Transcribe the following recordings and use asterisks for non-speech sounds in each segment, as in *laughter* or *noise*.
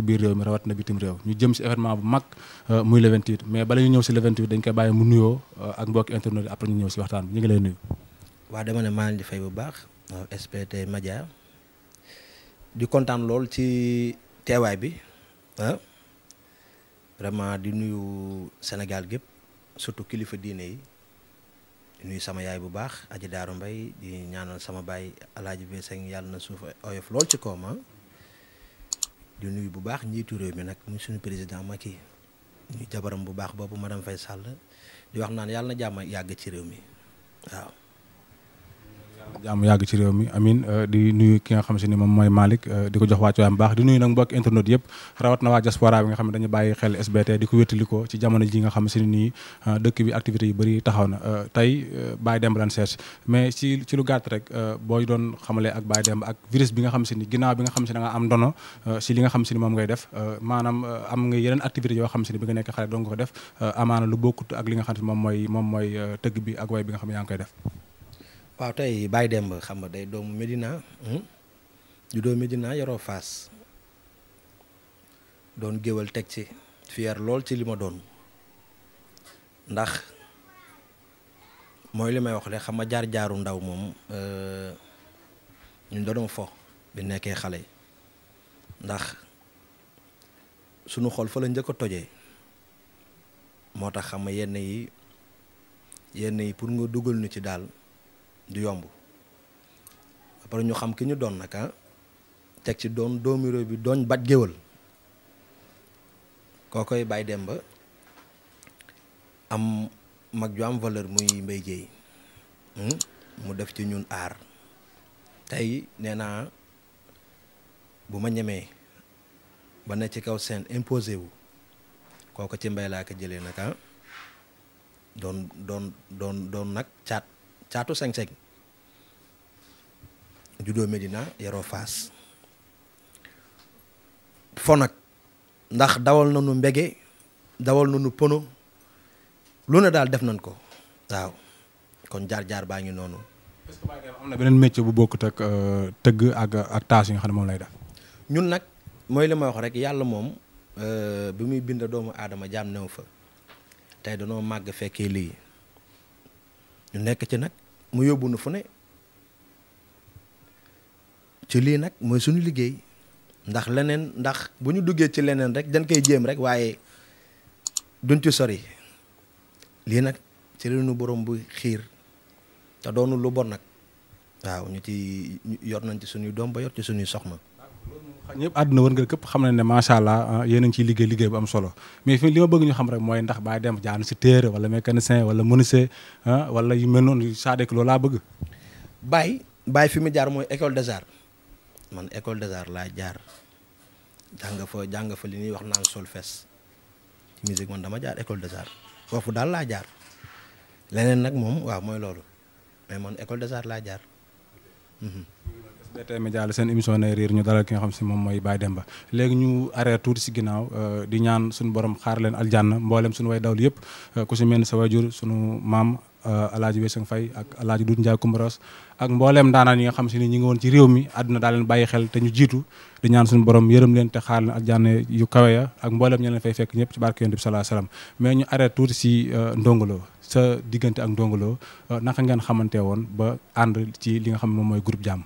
ci biir réew mi rawat na bitim réew ñu jëm si événement bu mag euh, muy le 28 mais bala ñu ñëw si le 28 dañ koy bàyyi mu nuyoo euh, ak mbokki internet yi après ñu ñëw si waxtaan bi ñu ngi lay nuyu. dama ne maa ngi di bu baax SBT Media di kontaan lool ci teewaay bi ah. vraiment di nuyu Sénégal gépp surtout kilifa diine yi sama yaay bu baax aji daaru mbay di ñaanal sama baay alaaji Beseng yàlla na suuf oyof lool ci koom di nuyu bu baax njiitu réew mi nag muy suñu président Macky ñu jabaram bu baax boobu madame Faye Sall di wax naan yàlla na jàmm yàgg ci réew mi waaw. jàmm yàgg ci réew mi amin euh, di nuyu ki nga xam si ni moom mooy Malick euh, di ko jox wàccuwaayam baax di nuyu nag mbokki internet yëpp rawat na waa diaspora bi nga xam ne dañu bàyyi xel SBT di ko wétali ko ci ji nga xam si ne nii euh, dëkk bi activité yu bëri taxaw na tey Baye Demba lan seet mais ci lu gàtt rek boo doon xamalee ak Baye Demba ak virus bi nga xam si ni ginnaaw bi nga xam si da nga am ndono si li nga xam si ni moom ngay def maanaam am nga yeneen activité yoo xam si ni bi nga nekk xale doon nga ko def amaana lu bokkut ak li nga xam si moom mooy moom mooy tëgg bi ak way bi nga xam ne yaa ngi koy def waaw tey baay demb xam nga dey doomu Medina hmm? juddoo Medina yaroo Fass doon géwal teg ci fier lool ci li ma doon ndax mooy li may wax de xam nga jaar jaaru ndaw moom euh, ñun doon fo bi nekkee xale yi ndax sunu xol fa la njëkk a tojee moo tax xam nga yenn yi yenn yi pour nga dugal nu ci daal. du yomb après ñu xam ki ñu doon nag ah, teg ci doon doomi réew bi doon bat géwal koo koy bay dem ba am mag ju am valeur muy Mbaye Dièye hmm, mu def ci ñun aar tey nee naa bu ma ñemee ba ne ci kaw seen imposé wu kooko ci mbay laa ko jëlee naka ah, doon doon doon doon nag caat caatu seng-seng juddoo Medina yaroo Faas fo nag ndax dawal na nu mbege dawal nañu pono lu ne daal def nañ ko waaw kon jaar-jaar baa ngi noonu. est que am na beneen métier bu bokkut ak euh, tëgg ak ak taas yi nga xam ne moom lay def. ñun nag mooy li ma wax rek yàlla moom euh, bi muy bind doomu aadama jaam new fa tey danoo màgg fekkee lii ñu nekk ci nag mu yóbbu nu fu ne. ci lii nag mooy suñu liggéey ndax leneen ndax bu ñu duggee ci leneen rek dañ koy jéem rek waaye duñ ci sori lii nag ci lañu borom bu xiir te doonul lu bon nag waaw ñu ci yor nañ ci suñuy doom ba yor ci suñuy soxna. ñëpp àdduna wër nga képp xam na ne macha allah ah, yéen a ciy liggéey liggéey bu am solo mais fi li ma bëgg ñu xam rek mooy ndax Baye Demba jaan si téere wala mécanicien wala menuisier ah, wala yu mel noonu saa dëkk loolu laa bëgg. Baye Baye fi mu jaar mooy école des man école des arts laa jaar jàng fa jàng fa li ñuy wax naan solfège ci musique man dama jaar école des arts foofu daal laa jaar leneen nag moom waaw mooy loolu mais man école des arts laa jaar. SBT mhm. Média seen émission nay riir ñu dalal ki nga xam si moom mooy dem ba léegi ñu arrêté tuuti si ginnaaw euh, di ñaan suñu borom xaar leen aljanna mboolem suñu way dawlu yëpp euh, ku si mel sa wajur suñu maam Euh, alaaji Wesseng fay ak alaaji Doudou Ndiaye Koumbaros ak mbooleem daanaan ñi nga xam si ni ñi ngi woon ci réew mi àdduna daa leen bàyyi xel te ñu jiitu di ñaan suñu borom yërëm leen te xaar na ak àjjana yu kawe ya ak mbooleem ña leen fay fekk ñëpp ci barke yonent bi mais ñu arrêté tuuti si euh, Ndongo sa diggante ak Ndongo Lo euh, naka ngeen xamante woon ba ànd ci li nga xam moom mooy groupe jàmm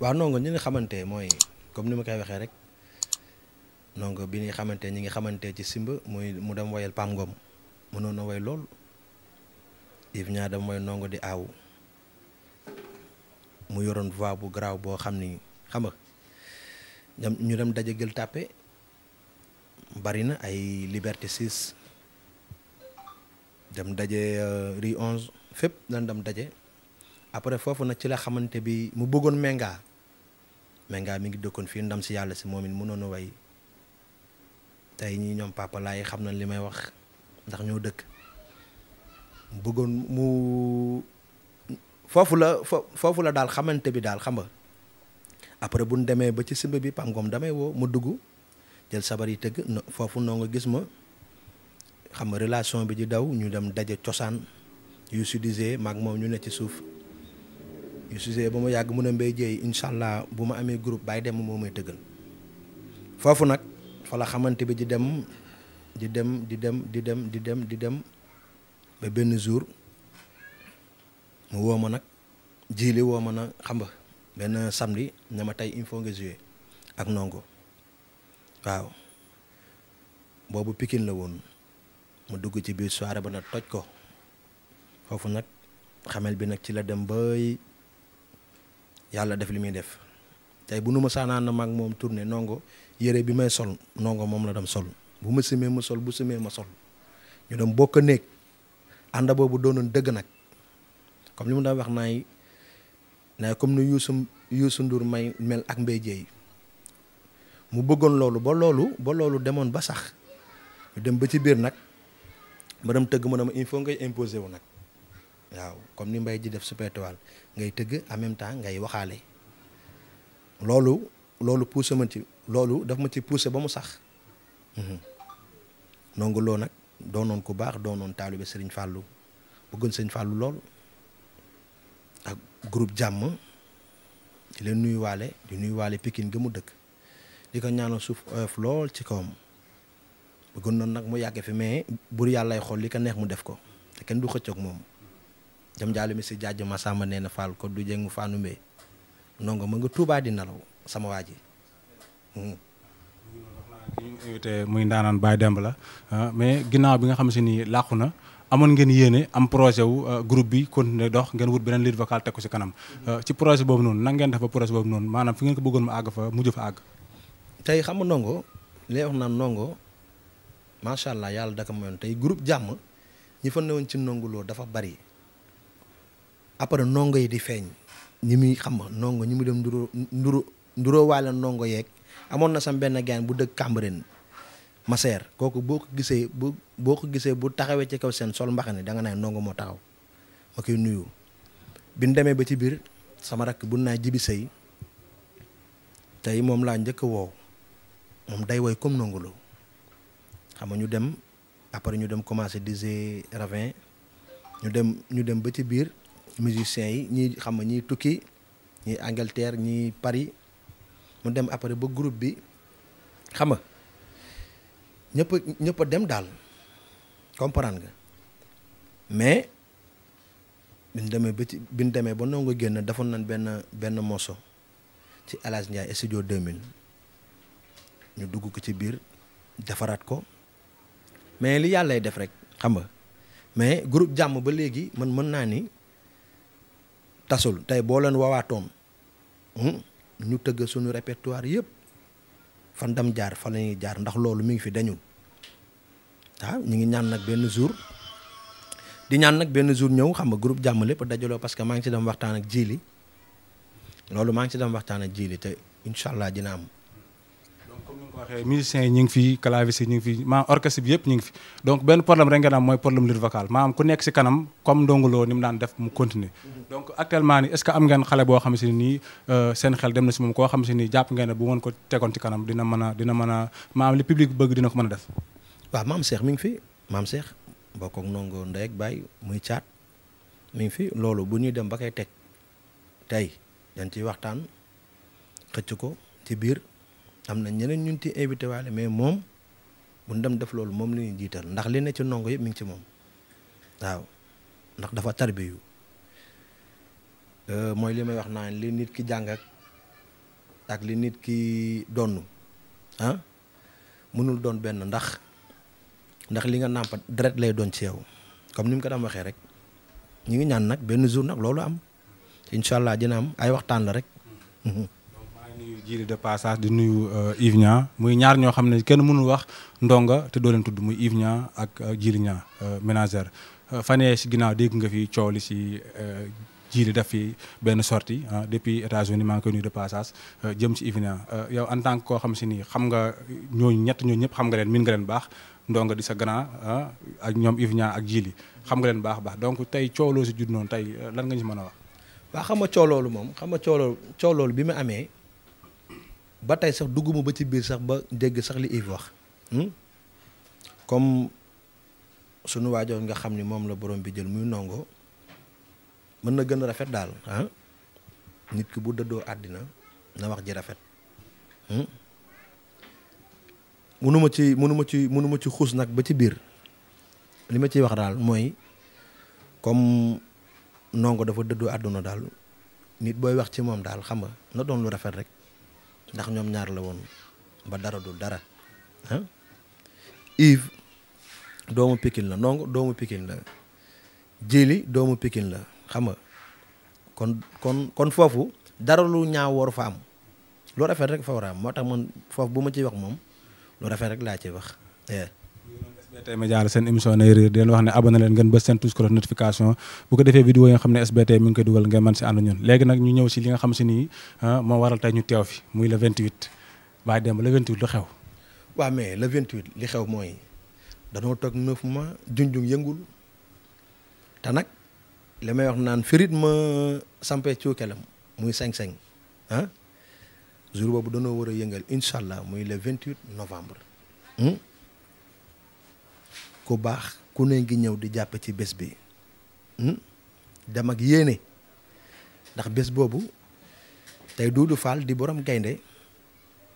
waaw Ndongo ñi nga xamante mooy comme ni ma koy waxee rek Ndongo bi ñuy xamante ñi ngi xamante ci simba muy mu dem wayal Pam Ngom lool Yves Niang mooy ndongo di aaw mu yoroon voix bu garaaw boo xam ni xam nga ñoom ñu dem daje gël tàppe bari na ay Liberté 6 dem daje euh, Rue onze fépp lan dem daje après foofu nag ci la xamante bi mu bëggoon Menga Menga mi ngi dëkkoon fii ndam si yàlla si moom it mënoon a way tey ñi ñoom papa xam na li may wax ndax ñoo dëkk. bëggoon mu foofu la foofu la daal xamante bi daal xam nga après bu ñu demee ba ci simb bi pam ngoom damay woo ma dugg jël sabar yi tëgg foofu noo nga gis ma xam nga relation bi di daw ñu dem daje cosaan yu sudisee maag moom ñu ne ci suuf yu sudisee ba mu yàgg mun a mbéy jéey incha allah bu ma amee groupe bàyyi dem moo may tëggal foofu nag fa la xamante bi di dem di dem di dem di dem di dem di dem ba benn jour mu woo ma nag jiili woo ma na xam nga benn samedi ne ma tey il nga jouer ak Ndongo waaw boobu Pikine la woon mu dugg ci biir soire ba nag toj ko foofu nag xamel bi nag ci la dem bay yàlla def li muy def tey bu nu ma saanaan na maag moom tourné Ndongo yére bi may sol Ndongo moom la dem sol bu ma simee ma sol bu simee ma sol ñu dem bokk néeg ànd boobu doonoon dëgg nag comme li mu daan wax naay naay comme ni Youssou Youssou Ndour may mel ak Mbaye Dièye mu bëggoon loolu ba loolu ba loolu demoon ba sax ñu dem ba ci biir nag ma dem tëgg ma ne ma il ngay imposer wu nag waaw comme ni mbay ji def Super Étoile ngay tëgg en même temps ngay waxaale loolu loolu poussé ma ci loolu daf ma ci poussé ba mu sax mhm. nongu loo nag. noon ku baax doonoon taalibe Serigne Fallou bëggoon Serigne Fallou lool ak groupe jàmm di leen nuyuwaale di nuyuwaale Pikine ga mu dëkk di ko ñaanal suuf oyof lool ci kawam bëggoon noonu nag mu yàgg fi mais bur yàllay xool li ko neex mu def ko te kenn du xëccëg moom jam jaalo mi si jaaj ma sàmm nee na Fall ko du jeng mu faanu mbee ndongo ma nga tuubaa di nelaw sama waa ji hmm. di ñu invité muy ndaanaan Baye Demba la ah, mais ginnaaw bi nga xam si ni làqu na amoon ngeen yéene am projet wu ah, groupe bi continuer dox ngeen wut beneen lead vocal teg ko si kanam ah, ci projet boobu noonu nangeen dafa def ba projet boobu noonu maanaam fi ngeen ko bëggoon mu àgg fa mujj fa àgg. tey xam nga ndongo li wax naan ndongo macha allah yàlla daka mayoon tey groupe jàmm ñi fa newoon ci ndongo loolu dafa bari après ndongo yi di feeñ. ñi muy xam ndongo ñi mu dem nduro nduro nduroo waale ndongo yeeg amoon na sama benn gaan bu dëkk Cambérène Masseer kooku boo ko gisee bu boo ko gisee bu taxawee ci kaw seen sol mbaxane danga naan ndongo moo taxaw ma koy nuyu bi ñu demee ba ci biir sama rakk bu naa jibi sëy tey moom laa njëkk woow moom day woy comme Ndongo Lo xam nga ñu dem après ñu dem commencé disé ravin ñu dem ñu dem ba ci biir musiciens yi ñii xam nga ñii tukki ñii Angleterre ñii Paris mu dem après ba groupe bi xam nga ñëpp ñëpp dem daal comprendre nga mais bi demee ba ci bi ñu demee ba noo nga génn defoon nañ benn benn morceau ci El Hadj Ndiaye studio ñu dugg ko ci biir defaraat ko mais li yàllay def rek xam nga mais groupe jàmm ba léegi man mën naa ni tasul tey boo leen waawaatoon. Hmm, ñu tëgg suñu répertoire yëpp fan dam jaar fa la ñuy jaar ndax loolu mi ngi fi dañu waaw ah, ñu ngi ñaan nag benn jour di ñaan nag benn jour ñëw xam nga groupe jàmm lépp dajaloo parce que maa ngi ci dem waxtaan ak jiili loolu maa ngi ci dem waxtaan ak jiili te incha allah dina am. waxee musiciens yi ñu fi clavier ñu ngi fi maanaam orchestre bi yëpp ñu ngi fi donc benn problème rek ngeen am mooy problème lead vocal maanaam ku nekk si kanam comme Ndongo Lo ni mu daan ni est am ngeen xale euh, xel dem na si moom koo xam si jàpp ngeen ne bu ngeen ko tegoon ci kanam dina a dina mën a maanaam li public bëgg dina ko mën a def waaw maam Cheikh mi ngi fi maam Cheikh bokk ak Ndongo ndey ak baay muy caat mi ngi fi loolu bu ñuy dem ba koy teg tey dañ ciy waxtaan xëcc ko ci biir am na ñeneen ñun ci invité waale mais moom bu dem def loolu moom la ñuy jiital ndax li ne ci ndongo yëpp mi ngi ci moom waaw dafa tarbiyu euh, mooy li may wax naa li nit ki jàng ak li nit ki donn ah, mënul doon benn ndax ndax li nga nàmpa deret lay doon ci yow comme ni mu ko daan waxee rek ñu ngi ñaan nag benn jour nag loolu am incha allah dina am ay waxtaan la rek. *laughs* jiri de passage di nuyu euh, Yves muy ñaar ñoo xam ne kenn mënul wax ndonga te doo leen tudd muy Yves ak Djily euh, Niang euh, ménagère fanee si ginnaaw dégg nga fi coow li si Djily def fi benn sortie depuis États-Unis maa ngi koy nuyu de yow en tant koo xam si nii xam nga ñooñu ñett ñooñu ñëpp xam nga leen miin nga leen baax ndonga di sa grand ak ñoom Yves ak Djily xam nga leen baax baax donc tey coow loo si judd noonu tey lan nga ñu mën a wax. waaw xam nga coow loolu moom xam nga coow loolu bi mu amee. ba tey sax dugguma ba ci biir sax ba dégg sax li Yves wax hmm? comme sunu waajoon nga xam ni moom la borom bi jël muy nongo mën na gën a rafet daal ah? nit ki bu dëddoo àddina na wax ji rafet mënuma hmm? ci mënuma ci mënuma ci xuus nag ba ci biir li ma ciy wax daal mooy comme nongo dafa dëddoo àdduna daal nit booy wax ci moom daal xam nga na doon lu rafet rek ndax ñoom ñaar la woon ba dara dul dara ah doomu Pikine la Ndongo doomu pikin la Jili doomu pikin la xam nga kon kon kon foofu dara lu ñaaw waru fa am lu rafet rek fa war am moo tax man foofu bu ma ci wax moom lu rafet rek laa ciy wax. Eh. SBT Média la seen émission nay riir di leen wax ne abonné leen ngeen bës seen touche cloche notification bu ko defee vidéo yi nga xam ne SBT mi ngi koy dugal ngeen mën si ànd ñun léegi nag ñu ñëw si li nga xam si nii ah, moo waral tey ñu teew fi muy le 28 Baye Demba le 28 lu xew waaw mais le 28 li xew mooy danoo toog 9 mois junjung yëngul te nag li may wax naan firit ma sampee cuukelam muy seng-seng ah jour boobu danoo war a yëngal incha allah muy le 28 novembre hmm? ku baax ku ne ngi ñëw di jàpp ci bés bi hmm? dem ak yéene ndax bés boobu tey Doudou Fall di boroom gaynde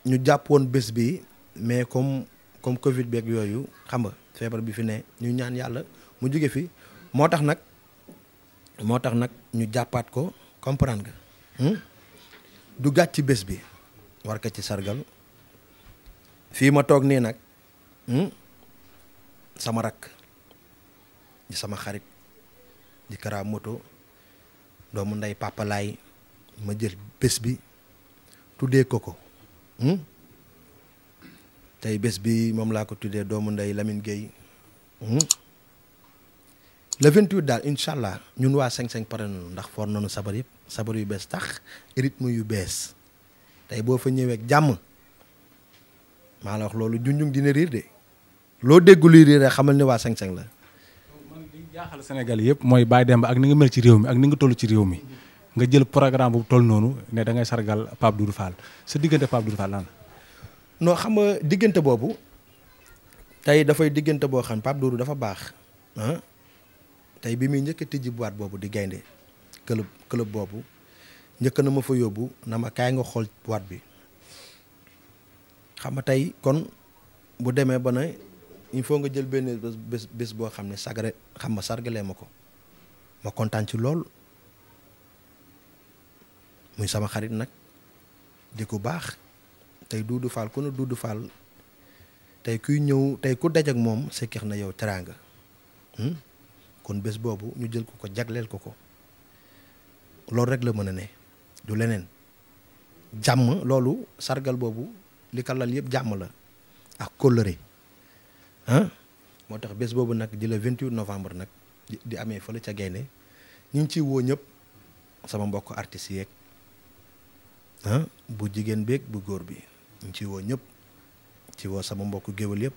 ñu jàpp woon bés bi mais comme comme Covid beeg yooyu xam nga feebar bi fi ne ñu ñaan yàlla mu jóge fi moo tax nag moo tax nag ñu jàppaat ko comprendre nga hmm? du gàcc ci bés bi war ci sargal fii ma toog nii nag. Hmm? sama rakk di sama xarit di Kara Moto doomu ndey papalaay ma jël bés bi tuddee ko ko hmm? tey bés bi moom laa ko tuddee doomu ndey lamin Gueye hmm? le 28 daal incha allah ñun waa 5-5 pare nañu ndax for nañu sabar yëpp sabar yu bees tax rythme yu bees tey boo fa ñëwee ak jàmm maa la wax loolu junjung dina riir de. loo dégg luy riir xamal ne waa sañ-sañ la. man li yëpp mooy Baye Demba ak ni nga mel ci réew mi ak ni nga tollu ci réew mi nga jël programme bu toll noonu ne da ngay sargal Pape Doudou Fall sa diggante Pape Doudou Fall lan la. non xam diggante boobu tey dafay diggante boo xam Pape Doudou dafa baax tey bi muy njëkk a tijji boîte boobu di gaynde club club boobu njëkk na ma fa yóbbu na ma kaay nga xool boîte bi xam nga tey kon bu demee ba ne il faut nga jël benn bés bés boo xam ne sagare xam ma sargalee ma ko ma kontaan ci lool muy sama xarit nag di ku baax tey Doudou Fall ku ne Doudou tey kuy ñëw tey ku daj ak moom sekkeex na yow teraanga hmm? kon bés boobu ñu jël ko ko jagleel ko ko loolu rek la mën a ne du leneen jàmm loolu sargal boobu li kalal yëpp jàmm la ak kóllëre ah moo tax bés boobu nag di la 28 novembre nag di amee fële ca gaynde ñu ngi ciy woo ñëpp sama mbokk artistes yeeg ah bu jigéen beeg bu góor bi ñu ngi ciy woo ñëpp ci woo sama mbokk géwél yëpp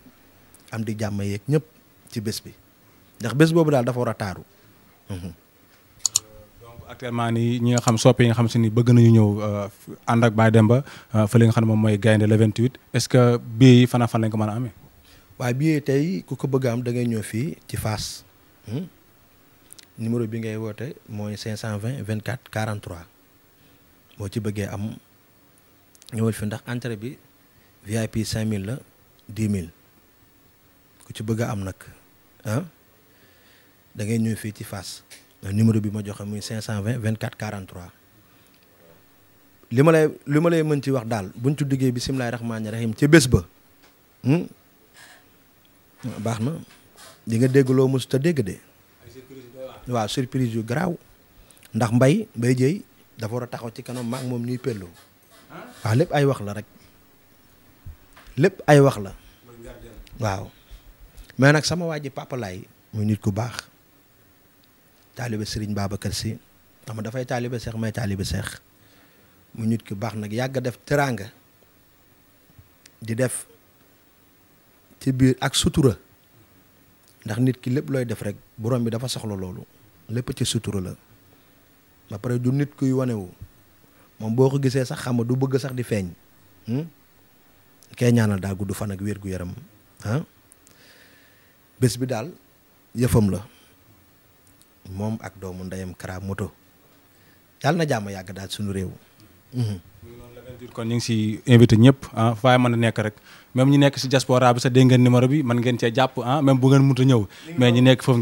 am di jàmm yeeg ñëpp ci bés bi ndax bés boobu daal dafa war a taaru. Mhm. actuellement nii ñi nga xam soppe yi nga xam si ni bëgg nañu ñëw euh, ànd ak Baye Demba euh, fële nga xam ne moom mooy gaynde le 28 est-ce que bii fan fan lañ ko mën a ame waaye billet tey ku ko bëgg am dangay ñëw fii ci Fass hmm? numéro bi ngay woote mooy 520 24 43 moo ci bëggee am ñëwal fi ndax entrée bi VIP 5000 la 10 mille ku ci bëgg a am nag ah da ngay ñëw fii ci Fass numéro bi ma joxe muy 520 24 43. li ma lay li ma lay mën ci wax daal buñ ci duggee bisimilah rahmaani rahim ca bés ba. Hmm, baax na di nga dégg loo mosut a dégg de. waaw surprise yu garaaw ndax mbay mbay jëy dafa war a taxaw ci kanam maak moom ñuy pelloo waaw lépp ay wax la rek lépp ay wax la waaw mais nag sama waa ji Papa Laay nit ku baax taalibe Serigne Babacar Sy tax dafay taalibe seex may taalibe seex mu nit ku baax nag yàgg def teraanga di def ci biir ak sutura ndax nit ki lépp looy def rek boroom bi dafa soxla loolu lépp ci sutura la ba pare du nit kuy wanewu moom boo ko gisee sax xama du bëgg sax di feeñ hmm? kee ñaanal daal gudd fan ak wér gu yaram bés bi daal yëfam la moom ak doomu ndeyam Kara Moto yàlla na jàmm yàgg daal suñu réew hmm. dire kon ñu ngi si invité ñëpp ah faaye a nekk rek même ñu nekk si diaspora bi sa dégg numéro bi mën ngeen cee jàpp ah bu ngeen mënut a ñëw mais nekk euh,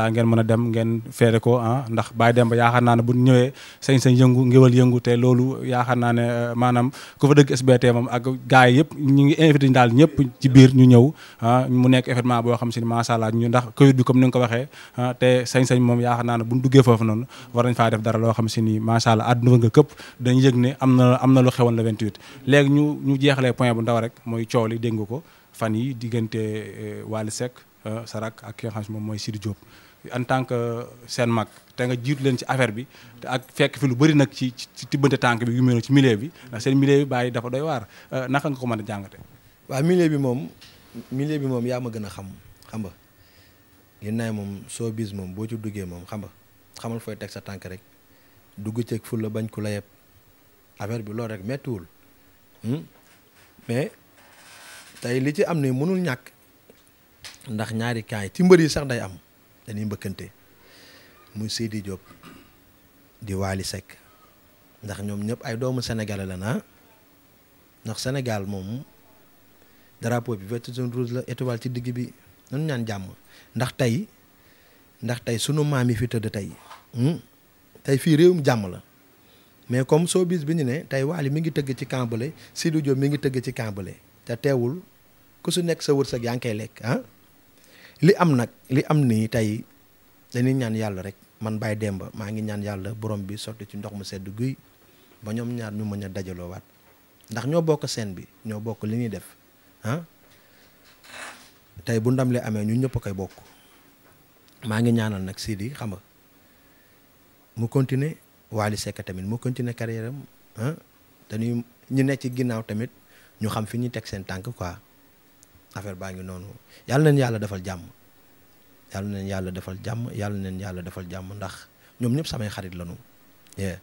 a dem ngeen feere ko ah, ndax bàyyi dem ba naa ne bu ñëwee sañ sañ yëngu ngéwal yëngu te loolu yaakaar naa ne euh, maanaam ku fa dëgg SBT moom ak gars yi yëpp invité daal ñëpp ci biir ñu ñëw ah, mu nekk événement boo xam si ne macha ndax covid bi comme ni ko waxee doxee ah, te sañ-sañ moom yaakaar naa ne buñ duggee foofu noonu war nañ faa def dara loo xam si ni macha allah àdduna nga këpp dañ yëg ne am na am na lu xewoon la 28 léegi ñu ñu jeexalee point bu ndaw rek mooy coow li dégg nga ko fan yi diggante eh, Wally Seck eh, Sarak ak ki nga moom mooy Sidi Diop en tant que eh, seen mag te nga jiitu leen ci affaire bi te fekk fi lu bëri nag ci ci tibbante tànk bi yu mel ci milieu bi ndax seen milieu bi bàyyi dafa doy waar naka nga ko mën a jàngate waaw milieu bi moom milieu bi moom yaa ma gën a xam xam li nay moom soo biis moom boo ci duggee moom xam nga xamal fooy teg sa tànk rek dugg ceeg ful bañ ku la yeb affaire bi loolu rek méttiwul hmm? mais tey li ci am ni mënul ñàkk ndax ñaari kaay ci mbër yi sax day am dañuy mbëkkante muy di Diop di Waly Seck ndax ñoom ñëpp ay doomu sénégalais la na ah. ndax senegaal moom drapeau bi vert jaune rouge la étoile ci digg bi nanu ñaan jàmm ndax tey ndax tey sunu maam yi fi tëdd tey hmm, tey fii réewum jàmm la mais comme soo bis bi ñu ne tey Wally mi ngi tëgg ci kambale Sidy Diop mi ngi tëgg ci kambale te teewul ku su nekk sa wërsëg yaa ngi kay lekk ah li am nag li am nii tey dañuy ñaan yàlla rek man Baye Demba maa ngi ñaan yàlla borom bi sotti ci ndox mu sedd guy ba ñoom ñaar ñu mën a dajaloo waat ndax ñoo bokk seen bi ñoo bokk li ñuy def ah. tey bu ndam li amee ñun ñëpp koy bokk maa ngi ñaanal nag Sidi xam nga mu continuer Wally Seck tamit mu continuer carrière yaram ah dañuy ñu nekk ci ginnaaw tamit ñu xam fi ñu teg seen tànk quoi affaire baa ngi noonu yàlla neen yàlla defal jàmm yàlla neen yàlla defal jàmm yàlla neen yàlla defal jàmm ndax ñoom ñëpp samay xarit lañu yeah.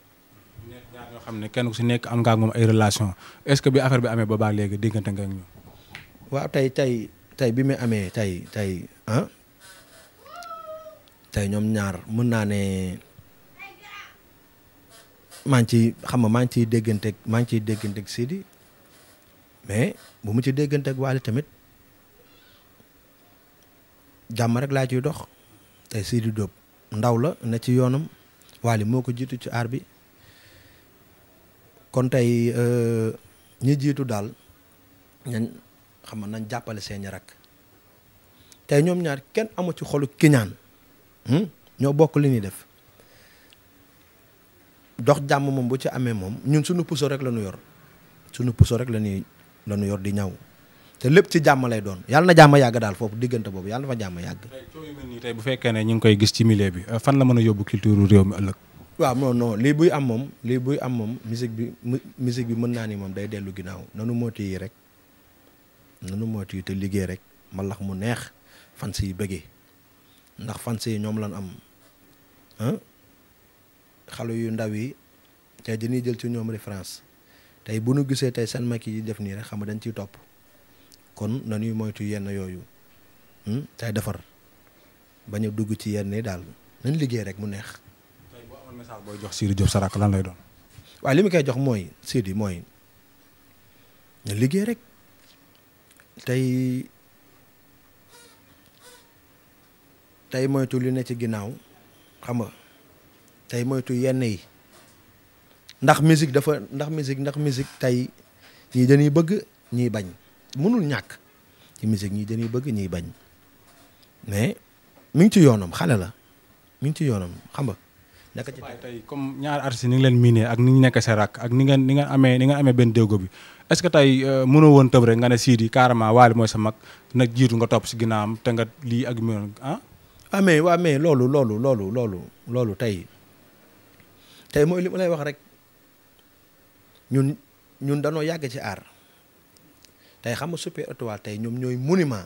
nekk ñoo xam ne kenn ku si nekk am nga ak moom ay relation est-ce que bi affaire bi amee ba baax léegi diggante nga ak tey bi mu amee tey tey ah tey ñoom ñaar mën naa ne maa ngi ciy xam nga maa ngi ciy dégganteeg maa ngi ciy dégganteeg Sidi mais bu ci dégganteeg Wally tamit jàmm rek laa ciy dox tey Sidi Diop ndaw la ne ci yoonam Wally moo ko jiitu ci aar bi kon tey euh, ñi jiitu daal xam nañ jàppale seeni rak tey ñoom ñaar kenn amu ci xolu kiñaan hmm? ñoo bokk li ñuy def dox jàmm moom bu ci amee moom ñun sunu puso rek la ñu yor sunu puso rek la ñuy la ñu yor di ñaw te lépp ci jàmm lay doon yàlla na jàmm yàgg daal foofu diggante boobu yàlla na fa jàmm yàgg. bu fekkee ne ñu ngi koy gis ci milieu bi fan la mën a yóbbu culture réew mi ëllëg. waaw non non am moom lii buy am moom musique bi musique bi mën naa ni moom day dellu ginnaaw nanu mooti yi rek. nanu moytu te liggéey rek mbalax mu neex fans yi bëggee ndax fans yi ñoom lan am xale yu ndaw yi tey dañuy jël ci ñoom référence tey bu nu gisee tey seen makk yi def nii rek xam nga dañ ciy topp kon nañuy moytu yenn yooyu tey defar bañ dugg ci yenn daal nañ liggéey rek mu neex. tey boo amoon booy jox Sidy Diop Sarax lan lay doon. jox mooy Sidy mooy liggéey rek. tey tey moytu li ne ci ginnaaw xam nga tey moytu yenn yi ndax musique dafa ndax musique ndax musique tey ñii dañuy bëgg ñiy bañ mënul ñàkk ci musique ñii dañuy bëgg ñiy bañ mais mi ngi ci yoonam xale la mi ngi ci yoonam xam nga. nekk ci tey comme ñaar artistes ni ngi ak ni ñu nekk sa rakk ak ni ngeen ni nga amee ni nga amee benn déggoo bi est que tey euh, mënoo woon tëb rek nga ne yi carrément waal mooy sa mag nag jiitu nga topp si ginnaawam te nga lii ak mën ah. ah waaw loolu loolu loolu loolu loolu tey tey mooy li ma lay wax rek ñun ñun danoo yàgg ci aar tey xam nga Super Étoile tey ñoom ñooy monument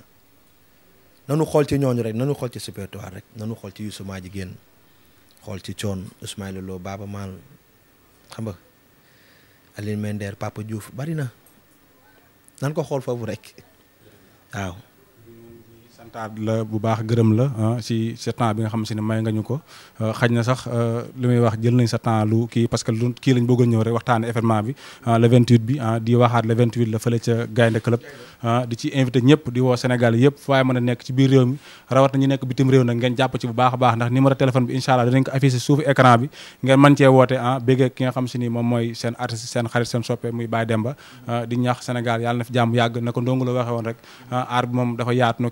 nanu xool ci ñooñu rek nanu xool ci Super rek nanu xool ci Youssou Madjiguène xool ci coon Ismaïla Lo Baaba Maal xam nga. Aline Mender Papa Diouf bari na nan ko xool foofu rek waaw santaat la bu baax gërëm la ah, si sa temps bi nga xam si ne may nga ñu ko ah, xaj na sax ah, li muy wax jël nañ sa temps lu kii parce que lu kii lañ bëggoon ñëw rek waxtaane bi di waxaat le 28 la fële ca Gaynde Club di ci invité ñëpp di woo Sénégal yëpp waaye mën a nekk ci biir réew mi rawat na nekk bitim réew nag ngeen jàpp ci bu baax a baax ndax numéro téléphone bi incha allah danañ ko affiché suufu écran bi ngeen mën cee woote ah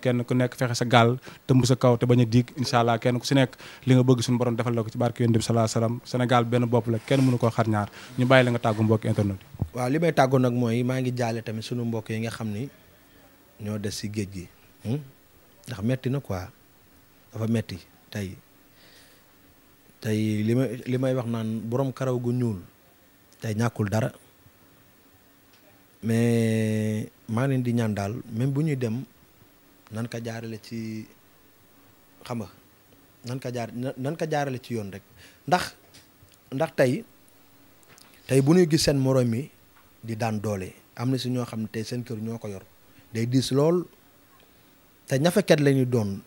ki nga nekk fexe sa gaal tëmb sa kaw te bañ a diig incha kenn ku si nekk li nga bëgg suñu borom defal la ko ci barke yonent sa salaa salaam Sénégal benn bopp la kenn mënu koo xar ñaar ñu bàyyi la nga tàggu mbokki internet yi waaw li may tàggu nag mooy maa ngi jaale tamit suñu mbokk yi nga xam ni ñoo des si géej gi hmm? ndax metti na ko dafa metti tey tey li may li may wax naan boroom karaw gu ñuul tey ñàkkul dara mais maa leen di ñaan daal même bu ñuy dem nan ko jaarale ci xam nga nan ko jaar ko jaarale ci yoon rek ndax ndax tey tey bu ñuy gis seen moroom mi di daan doole am na si ñoo xam ne tey seen kër ñoo ko yor day diis lool te ñafeket la ñu doon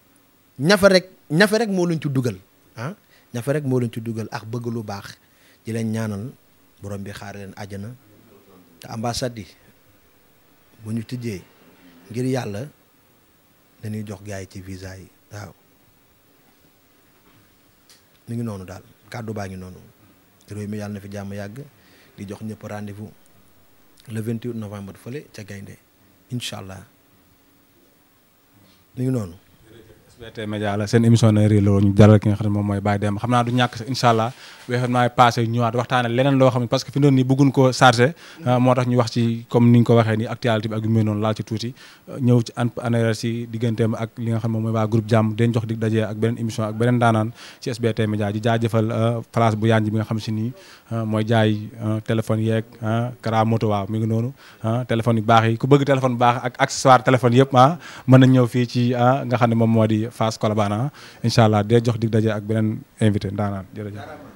ñafe rek moo leen ci dugal ah ñafe rek moo leen ci dugal ak bëgg lu baax di leen ñaanal boroom bi xaar leen àjjana te ambassade yi bu ñu tijjee ngir yàlla. dañuy jox gaa yi ci visa yi waaw mi ngi noonu daal kàddu baa ngi noonu réew mi yàlla na fi jàmm yàgg di jox ñëpp rendez-vous le 28 novembre fële ca gaynde incha allah mi ngi noonu SBT Média la seen émission na réer la ñu jaral ki nga xam naa du ñàkk incha allah wee xam naa passé ñëwaat waxtaane leneen loo xam ne parce que fi doon nii bëggun koo ah, moo tax ñu wax ci comme ni ko waxee ni actualité bi ak yu mel noonu laal ci tuuti ñëw ci an anéra si digganteem ak li nga xam moom mooy waa groupe jàmm den jox dig dajee ak beneen émission ak beneen daanaan ci SBT Média ji jaajëfal ah, place bu yanj bi nga xam si nii ah, mooy jaay téléphone yeeg mi ngi noonu téléphone yu baax yi ku bëgg téléphone baax ak accessoire téléphone yëpp ah mën nañ ñëw fii ci nga xam moom moo fii Fass Colobane ah. incha allah dee jox dig daje ak beneen invité ndaanaan jërëjëf.